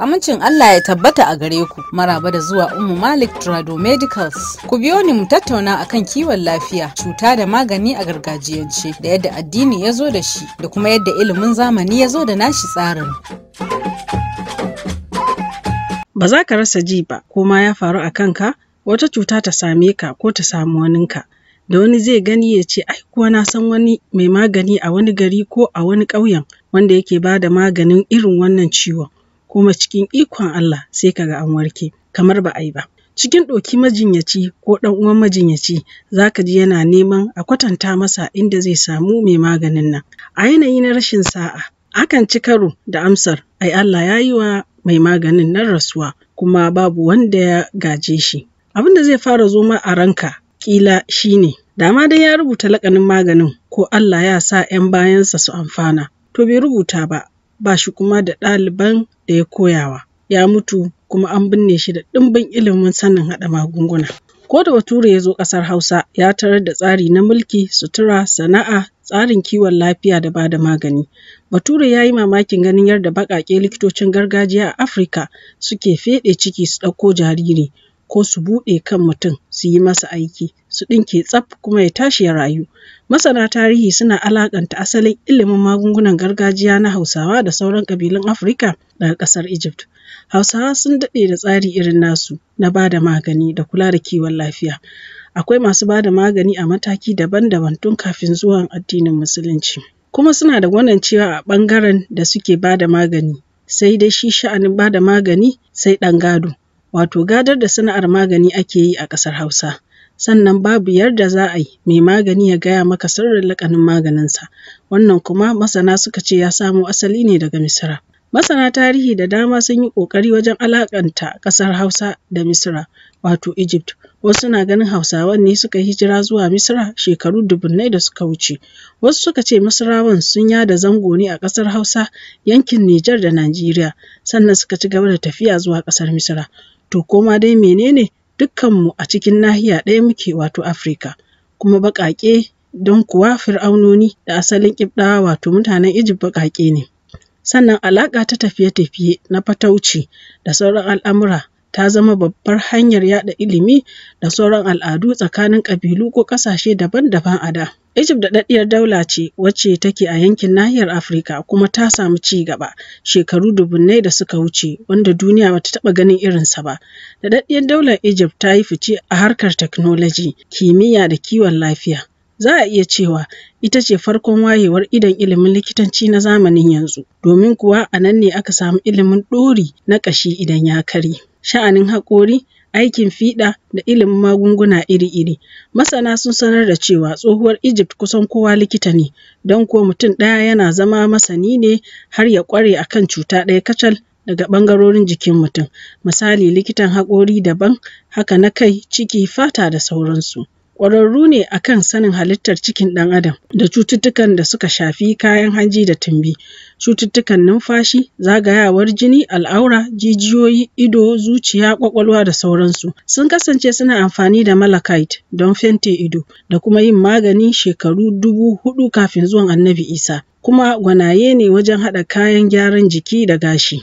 Amincin Allah ya tabbata a gare ku. Maraba da zuwa Ummu Malik Trado Medicals. Ku biyo ni mu tattauna akan kiwon lafiya, cuta da magani a gargajiyance, da yadda addini ya zo da shi, da kuma yadda ilimin zamani ya zo da nashi tsarin. Ba za ka rasa ji ba, ko ma ya faru a kanka, wata cuta ta same ka ko ta samu waninka. da wani zai gani ya ce ai kuwa na san wani mai magani a wani gari ko a wani ƙauyen wanda yake ba da maganin irin wannan ciwon kuma cikin ikon Allah sai ka ga an warke kamar ba a yi ba. Cikin ɗoki majinyaci ko ɗan uwan majinyaci za ka ji yana neman a kwatanta masa inda zai samu mai maganin nan. A yanayi na rashin sa'a akan ci karo da amsar ai Allah ya yi wa mai maganin nan rasuwa kuma babu wanda ya gaje shi. Abin da zai fara zo ma a ranka kila shine dama dai ya rubuta lakanin maganin ko Allah ya sa 'yan bayansa su amfana. To bai rubuta ba ba shi kuma da ɗaliban da ya koyawa. Ya mutu kuma an binne shi da ɗimbin ilimin sanin haɗa magunguna. Ko da Bature ya zo ƙasar Hausa ya tarar da tsari na mulki, sutura, sana'a, tsarin kiwon lafiya da ba da magani. Bature ya yi mamakin ganin yadda baƙaƙe likitocin gargajiya a Afirka suke feɗe ciki su ɗauko jariri ko su buɗe kan mutum su yi masa aiki su ɗinke tsaf kuma ya tashi ya rayu. Masana tarihi suna alaƙanta asalin ilimin magungunan gargajiya na Hausawa da sauran ƙabilun Afirka daga ƙasar Egypt. Hausawa sun daɗe da tsari irin nasu na ba da magani da kula da kiwon lafiya. Akwai masu ba da magani a mataki daban-daban tun kafin zuwan addinin Musulunci. Kuma suna da gwanon cewa a ɓangaren da suke ba da magani, sai dai shi sha'anin ba da magani sai ɗan gado. Wato gadar da sana'ar magani ake yi a ƙasar Hausa. Sannan babu yarda za a yi mai magani ya gaya maka sirrin laƙanin maganinsa. Wannan kuma masana suka ce ya samo asali ne daga Misira. Masana tarihi da dama sun yi ƙoƙari wajen alaƙanta ƙasar Hausa da Misira, wato Egypt. Wasu na ganin Hausawan ne suka hijira zuwa Misira shekaru dubunnai da suka wuce. Wasu suka ce Misirawan sun yada zango ne a ƙasar Hausa, yankin Nijar da Najeriya, sannan suka ci gaba da tafiya zuwa ƙasar Misira. To koma dai menene mu a cikin nahiya ɗaya muke wato Afirka kuma baƙaƙe don kuwa fir'aunoni da asalin ƙibɗawa wato mutanen Egypt baƙaƙe ne. Sannan alaƙa ta tafiye-tafiye na fatauci da sauran al'amura ta zama babbar hanyar yada ilimi da sauran al'adu tsakanin ƙabilu ko ƙasashe daban-daban a da. Egypt daɗaɗɗiyar daula ce wacce take a yankin nahiyar Afirka kuma ta samu ci gaba shekaru dubunnai da suka wuce wanda duniya ba ta taɓa ganin irinsa ba. Daɗaɗɗiyar daular Egypt ta yi fice a harkar technology, kimiyya da kiwon lafiya. za a iya cewa ita ce farkon wayewar idon ilimin likitanci na zamanin yanzu domin kuwa a nan ne aka samu ilimin ɗori na ƙashi idan ya karye. sha'anin haƙori, aikin fiɗa da ilimin magunguna iri-iri. Masana sun sanar da cewa tsohuwar Egypt kusan kowa likita ne, don kuwa mutum ɗaya yana zama masani ne har ya ƙware a kan cuta ɗaya kacal daga ɓangarorin jikin mutum, misali likitan haƙori daban, haka na kai, ciki, fata da sauransu. ƙwararru ne akan sanin halittar cikin ɗan adam da cututtukan da suka shafi kayan hanji da tumbi, cututtukan numfashi, zagayawar jini, al'aura, jijiyoyi, ido, zuciya, ƙwaƙwalwa da sauransu. Sun kasance suna amfani da malachite don fenti ido da kuma yin magani shekaru dubu hudu kafin zuwan annabi Isa. Kuma gwanaye ne wajen haɗa kayan gyaran jiki da gashi.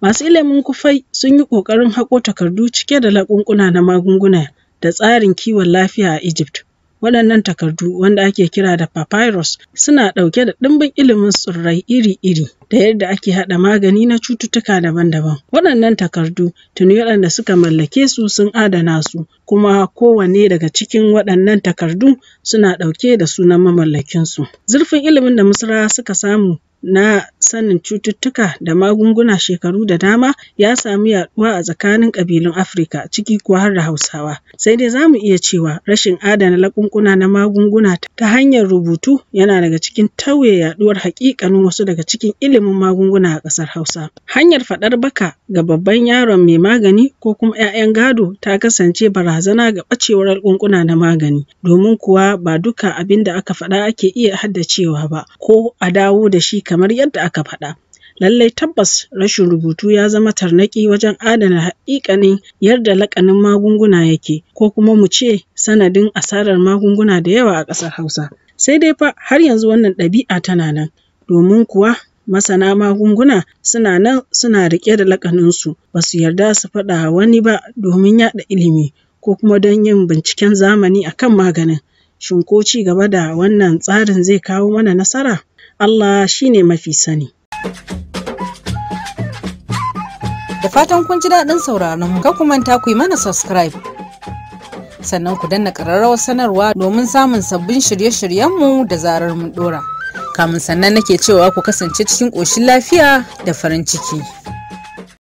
Masu ilimin kufai sun yi ƙoƙarin haƙo takardu cike da laƙunƙuna na magunguna da tsarin kiwon lafiya a Egypt. Waɗannan takardu wanda ake kira da papyrus suna ɗauke da ɗimbin ilimin tsirrai iri-iri da yadda ake haɗa magani na cututtuka daban-daban. Waɗannan takardu tuni waɗanda suka mallake su sun adana su kuma kowanne daga cikin waɗannan takardu suna ɗauke da sunan mamallakinsu. Zurfin ilimin da Misra suka samu na sanin cututtuka da magunguna shekaru da dama ya samu yaduwa a tsakanin kabilun Afirka ciki kuwa har da Hausawa. Sai dai za mu iya cewa rashin adana lakunkuna na magunguna ta hanyar rubutu yana daga cikin tauye yaduwar hakikanin wasu daga cikin ilimin magunguna a ƙasar Hausa. Hanyar faɗar baka ga babban yaron mai magani ko kuma 'ya'yan gado ta kasance barazana ga ɓacewar lakunkuna na magani domin kuwa ba duka abinda aka faɗa ake iya haddacewa ba ko a dawo da shi kamar yadda aka faɗa. Lallai tabbas rashin rubutu ya zama tarnaki wajen adana haƙiƙanin yadda lakanin magunguna yake ko kuma mu ce sanadin asarar magunguna da yawa a ƙasar Hausa. Sai dai fa har yanzu wannan ɗabi'a tana nan domin kuwa masana magunguna suna nan suna riƙe da laƙaninsu ba su yarda su faɗa wani ba domin yaɗa ilimi ko kuma don yin binciken zamani akan maganin. Shin ko ci gaba da wannan tsarin zai kawo mana nasara? Allah shi ne mafi sani. Da fatan kun ji daɗin sauraron ka ku manta ku yi mana subscribe. Sannan ku danna ƙararrawar sanarwa domin samun sabbin shirye-shiryenmu da zarar mun ɗora. Kamun sannan nake cewa ku kasance cikin ƙoshin lafiya da farin ciki.